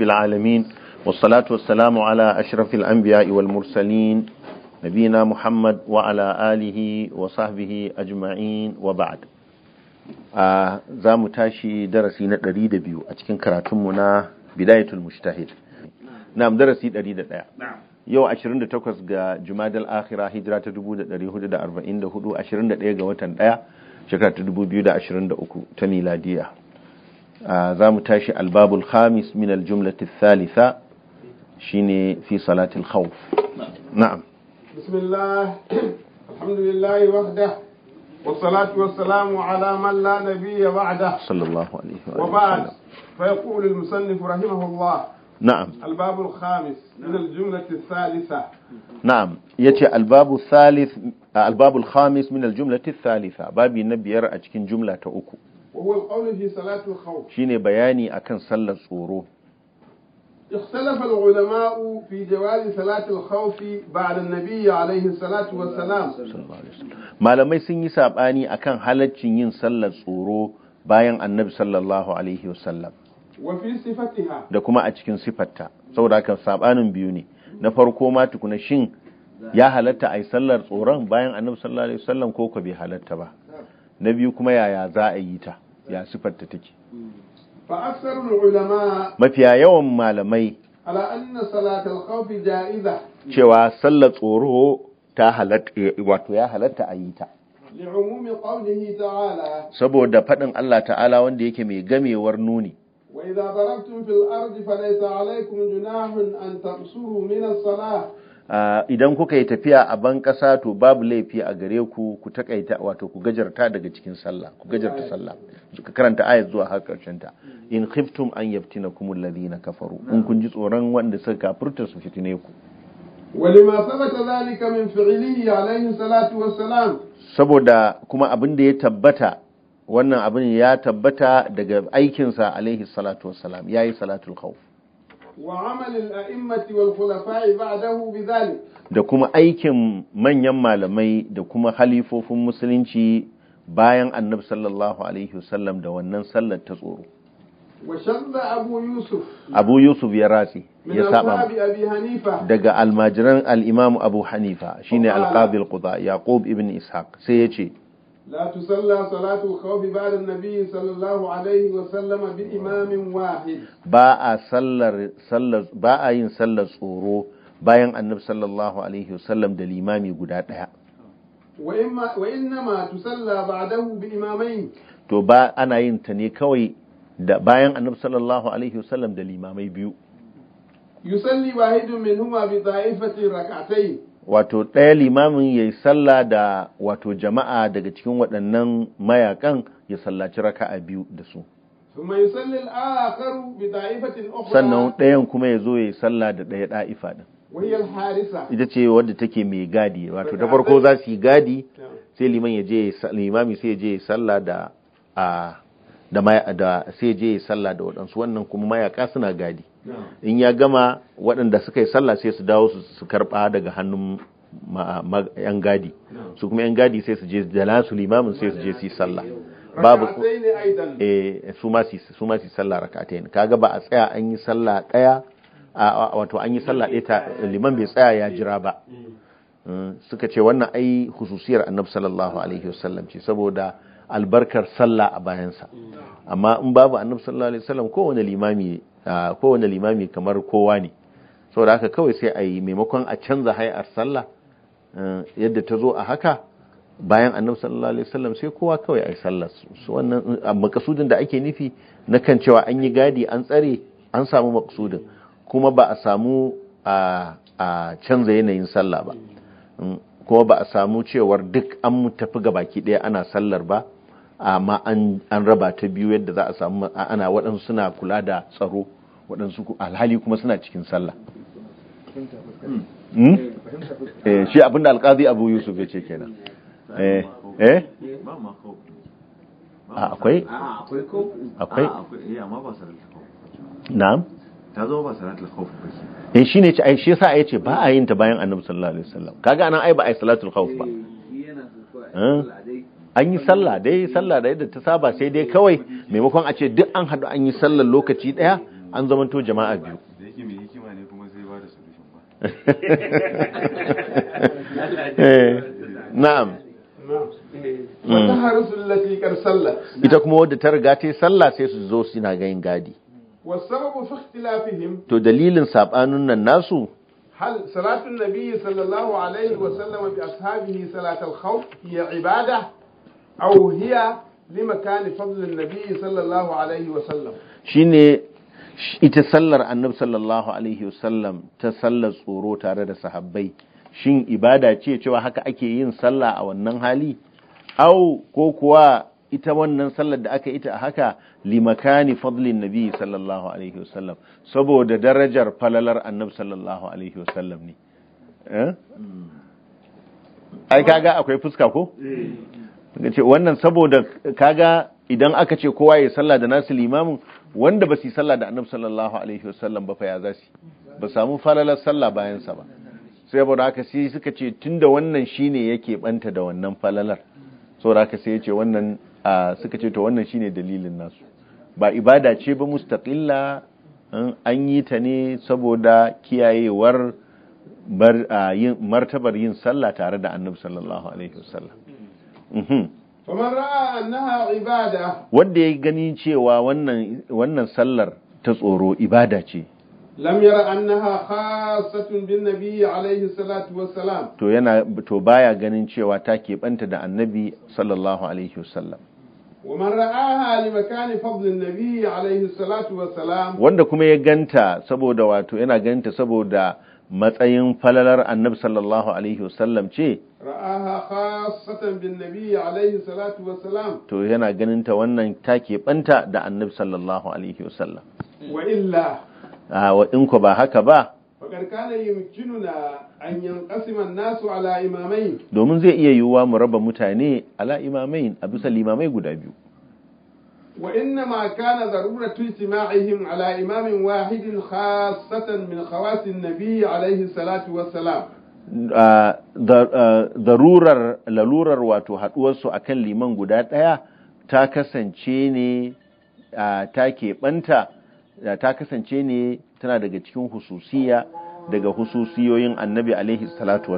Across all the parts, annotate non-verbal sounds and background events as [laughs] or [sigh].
رب العالمين والصلاة والسلام على أشرف الأنبياء والمرسلين نبينا محمد وعلى آله وصحبه أجمعين وبعد زام تاشي درسي ندري دبيو أتكن كراتمنا بداية المجتهد نعم درسي دري دبيو yau 28 ga jumadal akhira hijira ta 1444 21 ga watan 1 shekara ta 2023 ta miladiya آه، za الباب الخامس من الجملة الثالثة شيني في صلاة الخوف نعم بسم الله الحمد لله وحده والصلاة والسلام على من لا نبي بعده صلى الله عليه وآله وبعد فيقول المصنف رحمه الله نعم الباب الخامس من الجملة الثالثة نعم يتي الباب الثالث الباب الخامس من الجملة الثالثة باب النبي يرأى جملة أكو shine bayani akan sallar tsoro اختلف العلماء في جواز صلاة الخوف بعد النبي عليه الصلاة والسلام malamai sun yi sabani akan halaccin yin sallar tsoro bayan annabi sallallahu alaihi da kuma a cikin sifarta saboda kan sabanin biyu ne na farko ma tukuna shin ya halatta a yi sallar tsoron bayan annabi sallallahu alaihi ko ko bai halatta ba na biyu kuma yaya za a yi ta ya sifarta take mafiya yawan malamai cewa sallar tsoro ta halatta wato ya halatta a yi ta saboda faɗin Allah ta'ala wanda yake mai gamewar nuni وإذا ضربتم في الأرض فليس عليكم جناح أن تقصروا من الصلاة Ah, idan kuka yi tafiya a ban ƙasa to babu laifi a gare ku ku takaita wato ku gajarta daga cikin sallah ku gajarta sallah ka karanta ayat zuwa har karshen ta in khiftum an yaftinakum alladhina kafaru in kun ji tsoron wanda suka kafirta su fitine ku walima sabata zalika min fi'lihi alayhi salatu wassalam saboda kuma abin da ya tabbata wannan abin ya tabbata daga aikinsa alaihi salatu wassalam yayi salatul khawf da kuma aikin manyan malamai da kuma halifofin musulunci bayan annabi sallallahu alaihi wasallam da wannan sallar ta tsoro abu yusuf ya ratsi ya saba daga almajiran al'imamu abu hanifa shine alqabil quda yaqub ibn ishaq sai ya ce لا تصلى صلاة الخوف بعد النبي صلى الله عليه وسلم بإمام tsoro bayan annabi sallallahu alaihi wasallam da limami guda daya wa inna ma tusalla ba'dahu bi imamain to ba ana yin ta ne kawai da bayan annabi sallallahu alaihi wasallam da limamai biyu yusalli wahidun minhuma bi dha'ifatin rak'atayn wato ɗaya limamin ya yi sallah da wato jama'a daga cikin waɗannan mayakan ya sallaci raka a biyu da su sannan ɗayan kuma ya zo ya yi sallah da ɗaya ɗa'ifa ɗin ita ce wadda take mai gadi wato da farko za su yi gadi sai liman sai ya je ya sallah da a da sai je ya sallah da waɗansu wannan kuma mayaka suna gadi in ya gama waɗanda suka yi sallah sai su dawo su karɓa daga hannun yan gadi su kuma yan gadi sai su je da su limamin sai su je su yi sallah babu eh, su ma su yi sallah rakatain kaga ba a tsaya an yi sallah ɗaya wato an yi sallah ɗaya ta liman bai tsaya ya jira ba mm. Mm, suka ce wannan ai hususiyar annabi sallallahu alaihi wasallam ce saboda albarkar sallah a bayansa amma in babu annabi sallallahu alaihi wasallam kowane limami kowane limami kamar kowa ne saboda haka kawai sai a yi maimakon a canza hayar sallah eh, yadda ta zo a haka bayan annabi sallallahu alaihi wasallam sai kowa kawai ai sallar su wannan makasudin da ake nufi na kan cewa an yi gadi an tsare an samu makasudin kuma ba a samu a canza yanayin sallah ba hmm, kuma ba a samu cewar duk an tafi ga baki ɗaya ana sallar ba amma an raba ta biyu yadda za a samu ana waɗansu suna kula da tsaro waɗansu alhali kuma suna cikin sallah hmm? eh, shi abinda alkazi abu yusuf ya ce kenan eh eh, ah, ah, ah, eh ba akwai akwai na'am ta zama ba salatul khawf ba eh shine ce ai shi yasa ai ce ba a yin ta bayan annabi sallallahu alaihi wasallam kaga anan ai ba ai salatul khawf ba eh, an yi sallah dai sallah da yadda ta saba sai dai kawai maimakon a ce duk an haɗu an yi sallah lokaci ɗaya an zamanto jama'a biyu [laughs] eh, na'am ita kuma wadda ta riga ta yi sallah sai su zo suna gayin gadi to dalilin saɓanin nan nasu هل صلاة النبي صلى الله عليه وسلم بأصحابه صلاة الخوف هي عبادة aw hiya limakani fadlin nabi sallallahu alaihi wasallam shine ita sallar annabi sallallahu alaihi wasallam ta sallar tsoro tare da sahabbai shin ibada ce cewa haka ake yin sallah a wannan hali au ko kuwa ita wannan sallar da aka ita a haka limakani fadlin nabi sallallahu alaihi wasallam saboda darajar falalar annabi sallallahu alaihi wasallam ne ai kaga akwai fuska ko suka ce wannan saboda kaga idan aka ce kowa ya sallah da nasu limamin wanda ba su yi sallah da annabi sallallahu alaihi wasallam ba fa ya za ba samu falalar sallah bayansa ba sai da haka sai suka ce tunda wannan shine yake banta da wannan falalar saboda haka sai ce wannan suka ce to wannan shine dalilin nasu ba ibada ce ba mustaqilla an yi ta ne saboda kiyayewar martabar yin sallah tare da annabi sallallahu alaihi wasallam Mhm. faman ra'a annaha ibada wanda ya gani cewa wannan wannan sallar ta tsoro ibada ce lam yara annaha khassatun bin nabiyyi alaihi salatu wassalam to yana to baya ganin cewa ta keɓanta da annabi sallallahu alaihi wasallam ومن رآها لمكان فضل النبي Alayhi salatu والسلام wanda kuma ya ganta saboda wato yana ganta saboda matsayin falalar annabi sallallahu alaihi wasallam ce ra'aha khassatan bin nabi alaihi salatu wassalam to yana ganin ta wannan ta keɓanta da annabi sallallahu alaihi wasallam wa illa a wa in ko ba haka ba faqad kana yumkinuna an yanqasima an-nasu ala imamain domin zai iya yiwuwa mu raba mutane ala imamain a bisa limamai guda biyu وإنما كان ضرورة اجتماعهم على إمام واحد خاصة من خواص النبي عليه الصلاة والسلام ضرورة للورة واتو هتوسو أكن لمن قدات ايا ta kasance تاكي بنتا keɓanta ta تنا دقا تكون خصوصية دقا خصوصية daga hususiyoyin annabi alaihi salatu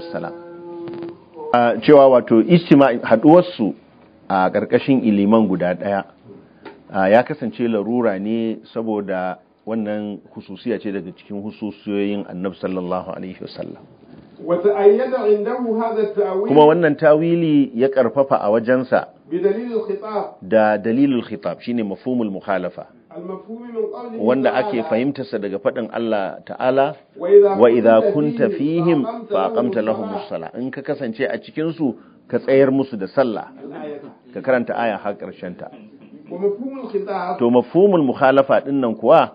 cewa wato istima haɗuwarsu a ƙarƙashin iliman guda ɗaya ya kasance larura ne saboda wannan hususiya ce daga cikin hususiyoyin annabi sallallahu alaihi wasallam kuma wannan tawili ya karfafa a wajensa da dalilul khitab shine mafhumul mukhalafa wanda ake fahimtarsa daga faɗin Allah ta'ala wa idza kunta fihim fa aqamta lahum as in ka kasance a cikin su ka tsayar musu da sallah ka karanta aya har karshen ta to mafhumul mukhalafa din nan kuwa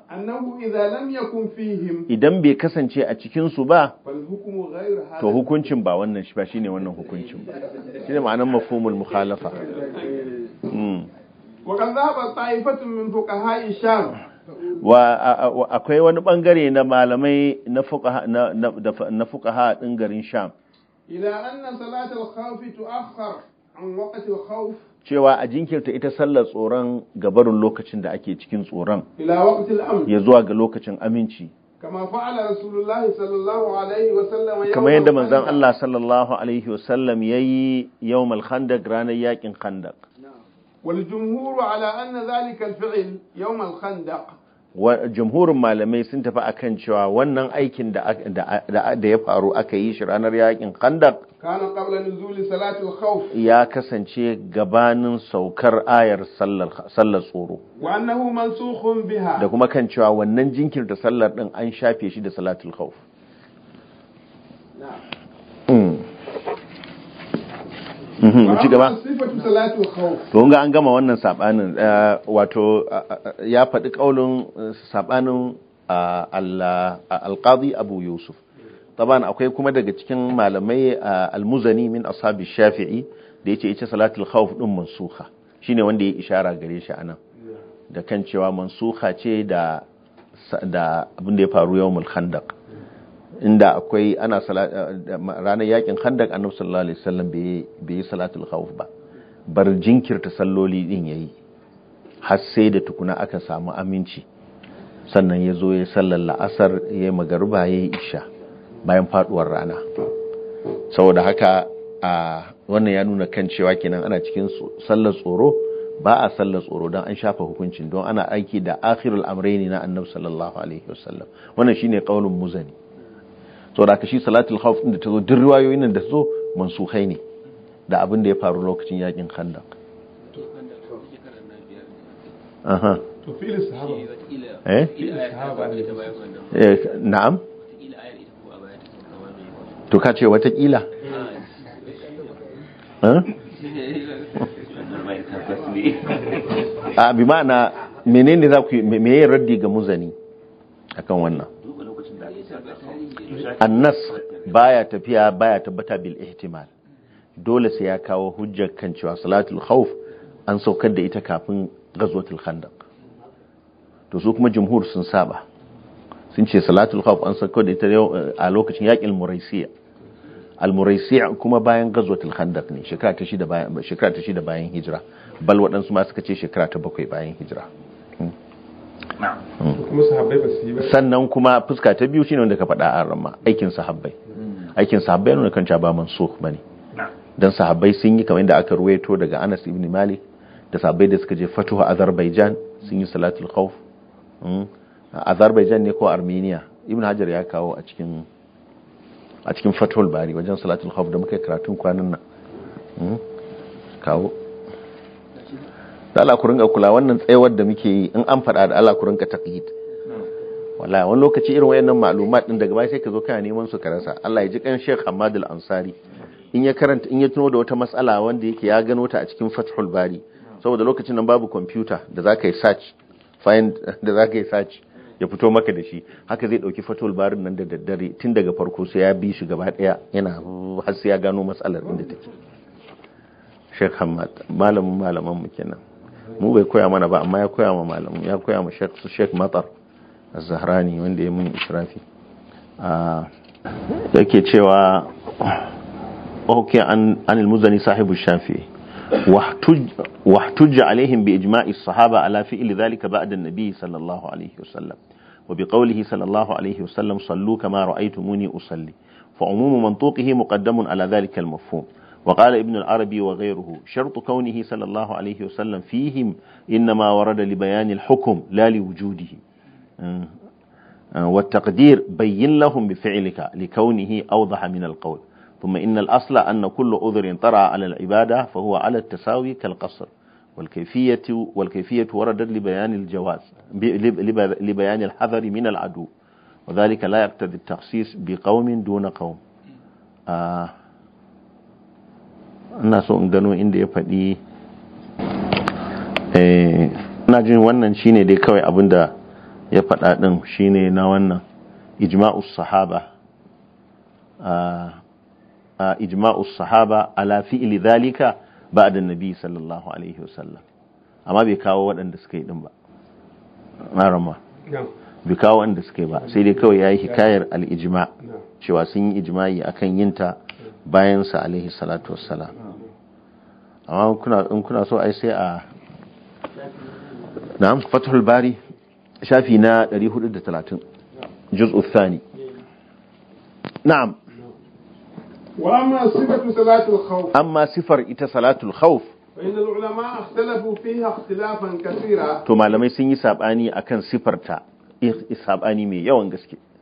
idan bai kasance a cikin su ba to hukuncin ba wannan shi ba shine wannan hukuncin ba shine ma'anar mafhumul mukhalafa hmm. wa akwai wani bangare na malamai na fuqaha na fuqaha din garin sham ila anna salatul khawfi tu'akhkhar an waqti al-khawf cewa a jinkirta ita sallar tsoron gabarin lokacin da ake cikin tsoron ya zuwa ga lokacin aminci kamar yadda manzan Allah sallallahu alaihi wasallam ya yi yau khandak ranar yakin khandak والجمهور على أن ذلك الفعل يوم الخندق jamhurin malamai sun tafi a kan cewa wannan aikin da ya faru aka yi shi ranar yakin Kandar. ya kasance gabanin saukar ayar sallar tsoro da kuma kan cewa wannan jinkirta sallar ɗin an shafe shi da salatul khawf mu mhm, ci gaba to ga an gama wannan sabanin eh, wato ya faɗi ƙaunin eh, sabanin alqadi abu yusuf taban akwai kuma daga cikin malamai almuzani min ashabi shafi'i da yace ita salatul khawf din mansuha shine wanda ya ishara gare shi anan da kan cewa mansuha ce da da abin da ya faru yawmul khandaq inda akwai ana eh, ranar yakin handak annabi sallallahu alaihi wasallam bai yi salatul khawf ba bar jinkirta salloli din yayi har sai da tukuna aka samu aminci sannan ya zo ya sallar la'asar ya yi magariba ya yi isha bayan faduwar rana saboda haka a wannan ya nuna kan cewa kenan ana cikin sallar tsoro ba a sallar tsoro don an shafa hukuncin don ana aiki da akhirul amraini na annabi sallallahu alaihi wasallam wannan shine qaulun muzani saboda ka shi salatul khawf din da tazo duk riwayoyin nan da tazo mansukhai ne da abin da ya faru lokacin yakin khandaq aha to fil sahaba eh eh? eh na'am to kace wata kila eh. a [laughs] ah, bi ma'ana menene za ku yi me raddi ga muzani akan wannan annas baya tafiya baya tabbata bil ihtimal dole sai ya kawo hujjar kan cewa salatul khauf an saukar da ita kafin ghazwatul khandaq to su kuma jumhur sun saba sun ce salatul khauf an saukar da ita eh, a lokacin yakin muraisiya al-muraisiya kuma bayan ghazwatul khandaq ne shekara ta shida bayan shekara ta shida bayan hijira bal waɗansu ma suka ce shekara ta bakwai bayan hijira Hmm. sannan kuma fuska ta biyu shine wanda ka faɗa a rama aikin sahabbai hmm. aikin sahabbai nuna kan ba ne. bane dan sahabbai sun yi kamar yadda aka ruwaito daga Anas ibn Malik da sahabbai da suka je fatuha Azerbaijan sun yi salatul khawf hmm. Azerbaijan ne ko Armenia Ibn Hajar ya kawo a cikin a cikin Bari wajen salatul khawf da muka karatun kwanan nan kawo da Allah ku rinka kula wannan tsayawar da muke yi in an faɗa da Allah ku rinka taqid wallahi wani lokaci irin wayannan ma'lumat din daga baya sai ka zo kana neman su ka rasa Allah ya ji kan Sheikh Ahmad Al-Ansari in ya karanta in ya tuno da wata matsala wanda yake ya gano ta a cikin Fathul Bari saboda lokacin nan babu computer da zaka yi search find [laughs] da zaka yi search ya fito maka da shi haka zai dauki Fathul Bari nan da daddare tun daga farko sai ya bi shi gaba daya yana har sai ya gano matsalar inda take Sheikh ahmad malamin malaman mu kenan mu bai koya mana ba amma ya koya ma malamu ya koya ma sheik matar zahrani wanda ya mun israfi ah, yake cewa hukun an ilmuzani sahibu shafi wahtuj alaihim bi ijma'i sahaba ala fi'li dhalika ba'da an-nabi sallallahu alaihi wasallam wa bi qawlihi sallallahu alaihi wasallam sallu kama ra'aytumuni usalli fa umumu mantuqihi muqaddamun ala dhalika al وقال ابن العربي وغيره شرط كونه صلى الله عليه وسلم فيهم إنما ورد لبيان الحكم لا لوجوده آه، آه، والتقدير بين لهم بفعلك لكونه أوضح من القول ثم إن الأصل أن كل عذر طرأ على العبادة فهو على التساوي كالقصر والكيفية والكيفية وردت لبيان الجواز لبيان الحذر من العدو وذلك لا يقتضي التخصيص بقوم دون قوم آه ina so in gano inda ya faɗi eh, ina jin wannan shine dai kawai abinda da ya faɗa ɗin shine na wannan ijma'us sahaba ijma'us sahaba ala fi'li dhalika ba'da nabi sallallahu alaihi wasallam amma bai kawo waɗanda suka yi ɗin ba na rama bai kawo waɗanda suka yi ba sai dai kawai ya yi hikayar al-ijma cewa sun yi ijma'i akan yinta bayansa alaihi salatu wassalam amma in kuna so ai sai a na'am fathul bari shafi na 430 juz'u thani na'am wa amma sifatu salatul khawf amma sifar ita salatul khawf to malamai sun yi sabani akan sifarta sabani mai yawan gaske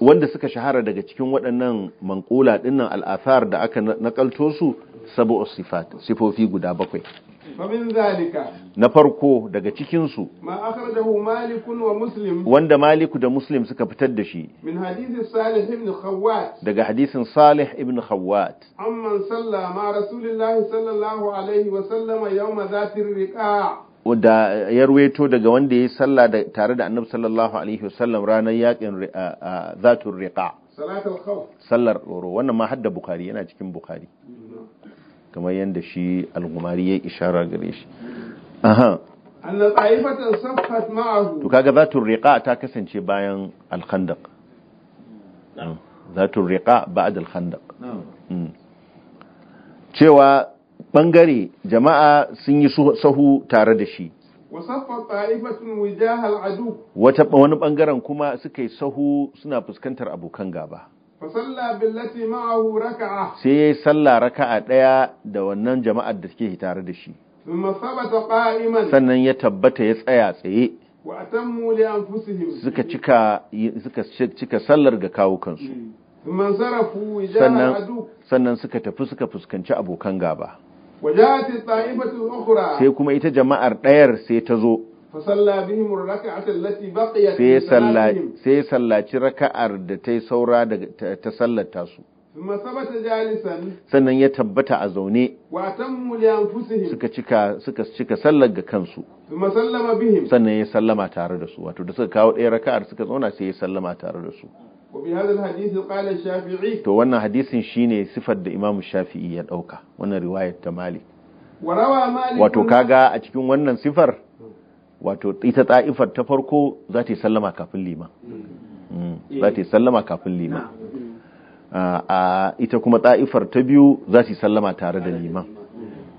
wanda suka shahara daga cikin waɗannan manƙula ɗinnan al'athar da aka nakalto su sab'u sifat sifofi guda bakwai na farko daga cikin su wanda maliku da muslim suka fitar da shi daga hadisin salih ibn khawat amman salla ma rasulillahi sallallahu alaihi wa sallama yawma zatir riqa da ya ruweto daga wanda ya yi sallah tare da annabi sallallahu alaihi wasallam ranar yakin zatun riqa sallar tsoro wannan ma hadda yana cikin bukari kamar yadda shi al-gumari ya ishara gare shi aha annal saffat ta kasance bayan al-khandaq zatun riqa al hmm. cewa bangare jama'a sun yi sahu tare da shi wata wani bangaren kuma suka yi sahu suna fuskantar abokan gaba sai ya yi sallah raka'a ɗaya da wannan jama'ar da suke tare da shi sannan ya tabbata ya tsaya tsaye suka cika sallar ga kawukansu mm. sannan suka tafi suka fuskanci abokan gaba sai kuma ita jama'ar ɗayar sai ta zo sai sallaci raka'ar da ta yi saura ta sallata su sannan ya tabbata a zaune suka cika suka cika sallar ga kansu sannan ya sallama tare da su wato da suka kawo ɗaya raka'ar suka zauna sai ya sallama tare da su to wannan hadisin shine sifar da Imam Shafi'i ya dauka wannan riwayar ta Malik wato kaga a cikin wannan sifar wato ita ta'ifar ta farko za ta yi sallama kafin liman mm. za ta yi sallama kafin liman a ita kuma ta'ifar ta biyu za su yi sallama tare da liman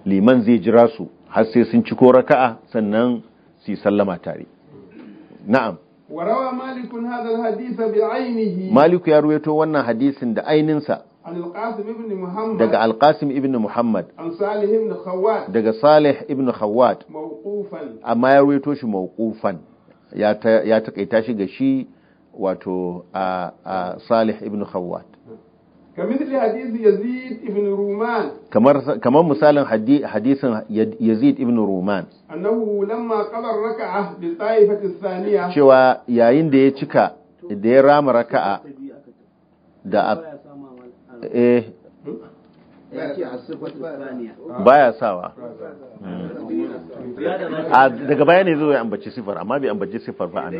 liman zai jira su har sai sun ciko raka'a sannan su yi sallama tare na'am وروى مالك هذا الحديث بعينه مالك ya رويته wannan hadisin da aininsa daga alqasim ibn muhammad daga salih ibn khawat amma ya ruwaito shi mawqufan ya takaita shi ga shi wato a salih ibn khawat kamar misalin يزيد yazid رومان ruman كما مثال حديث يزيد ابن رومان لما قضى yayin da ya cika da ya rama raka'a da eh baya sawa daga baya ne zo ya ambaci sifar amma bai ambaci sifar ba nan.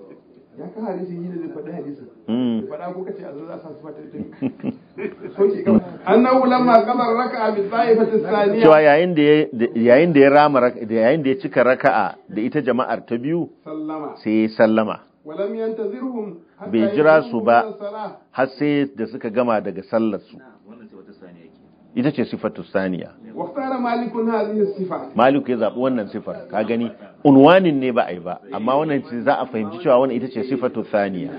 ya cewa yayin da ya rama da yayin da ya cika raka'a da ita jama'ar ta biyu sai ya sallama bai jira su ba har sai da suka gama daga sallar su ita ce sifatu saniya waktara malikun hadhihi sifa malik ya zaɓi wannan sifar ka gani unwanin ne ba a yi ba amma wannan za a fahimci cewa wannan ita ce sifatu thaniya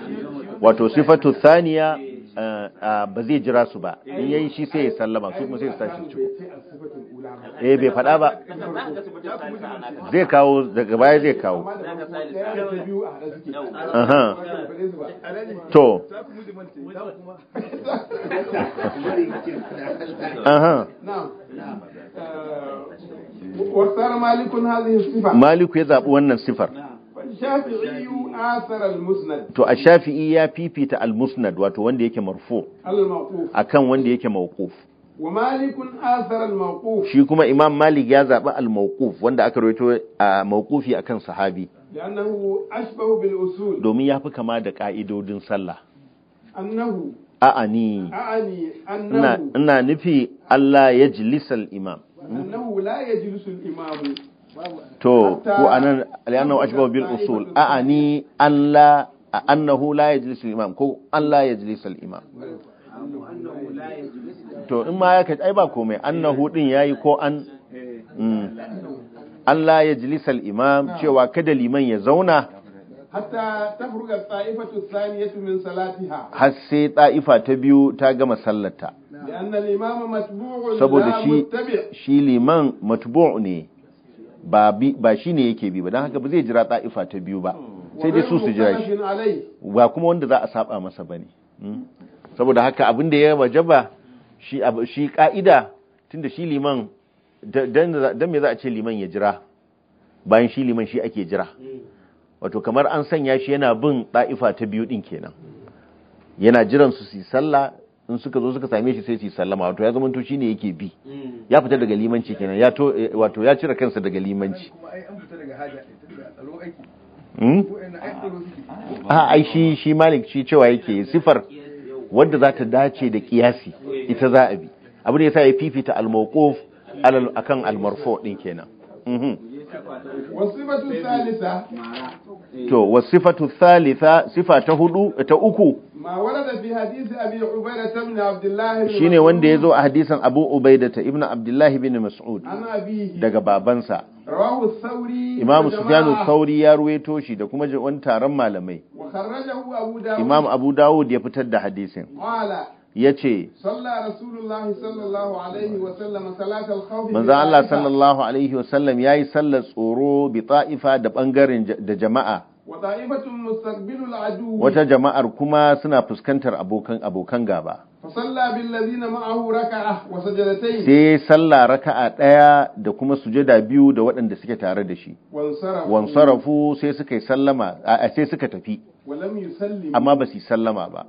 wato sifatu thaniya Eh, ah, ba zai jira su ba in yayi shi sai ya sallama su kuma sai su tashi ciko eh bai faɗa ba zai kawo daga baya zai kawo aha to aha Maliku ya zaɓi wannan sifar. to a shafi'i ya fifita fi ta al-musnad, wato wanda yake Marfouf, akan wanda yake Maukuf, shi kuma Iman Malik ya zaɓi al-Maukuf, wanda aka roito a Maukufi akan Sahabi. Domin ya kama da ƙa'idodin Sallah. A'a, ni fi. Ina nufi. Allah ya jilisal Iman. to ko anan li'annahu ashbahu bil usul a ani alla annahu la yajlisu imam ko alla yajlisu al imam to in ma ya kai ai ba komai annahu din yayi ko an mm. alla yajlisu al imam cewa kada liman ya zauna hatta tafruga ta'ifatu thaniyatu min salatiha har sai ta'ifa ta biyu ta gama sallarta saboda shi shi liman matbu' ne ba shi ne yake bi ba don haka ba zai jira ta'ifa ta biyu ba sai dai su su jira shi ba kuma wanda za a saba masa ba ne hmm? saboda haka abin da ya wajaba shi ka'ida tun da shi liman don me za a ce liman ya jira bayan shi liman shi ake jira wato kamar an sanya shi yana bin ɗa'ifa ta biyu din kenan yana jiran su su sallah in suka zo suka same shi sai su sallama wato ya zama to shine yake bi mm. ya fita daga limanci kenan ya to eh, wato ya cire kansa daga limanci a hmm? ah, ai shi shi malik shi cewa yake sifar wadda za ta dace da kiyasi ita za a bi abu ne yasa ya fifita al-mawquf akan al-marfu din kenan mm-hmm. to wasifatu thalitha sifa ta hudu ta uku Shi ne wanda ya zo shine wanda a hadisan abu ubaidata ibn Abdullahi bin mas'ud daga babansa imamu sufyanu imam ya ruwaito shi da kuma wani taron malamai imam abu dawud ya fitar da hadisin ya ce manzan Allah sallallahu Alaihi wasallam ya yi sallar tsoro bi ta'ifa da ɓangaren da jama'a wata jama'ar kuma suna fuskantar abokan gaba sai salla raka'a ɗaya da kuma sujada biyu da waɗanda suke tare da shi wansarafu sai suka sallama sai suka tafi amma ba su sallama ba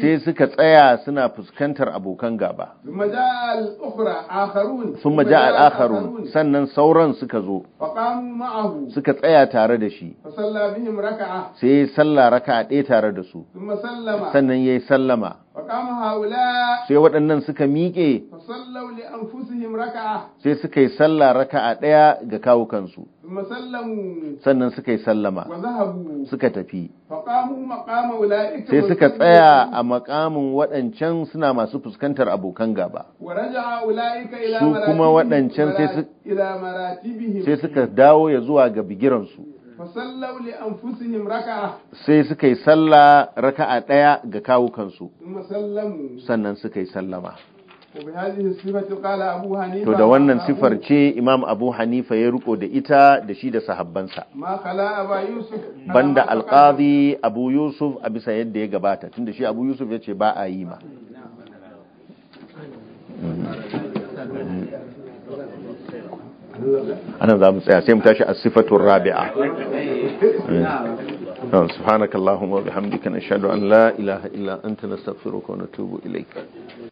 sai suka tsaya suna fuskantar abokan gaba sun maja al'akharun sannan sauran suka zo suka tsaya tare da shi sai ya yi salla raka a ɗaya tare da su sannan ya yi sallama sai waɗannan suka miƙe sai suka yi salla raka a ɗaya ga kawukansu sannan suka yi sallama suka tafi sai suka tsaya a makamin waɗancan suna masu fuskantar abokan gaba su kuma waɗancan sai suka dawo ya zuwa ga bigiransu sai suka yi salla raka'a ɗaya ga kawukansu sannan suka yi sallama to da wannan sifar ce imam abu hanifa ya riko da ita da shi da sahabbansa banda alkazi abu yusuf a bisa yadda ya gabata tunda shi abu yusuf ya ce ba a yi ma ana za mu tsaya sai mu tashi a sifatun rabi'a سبحانك اللهم وبحمدك an أن لا إله إلا أنت نستغفرك ونتوب إليك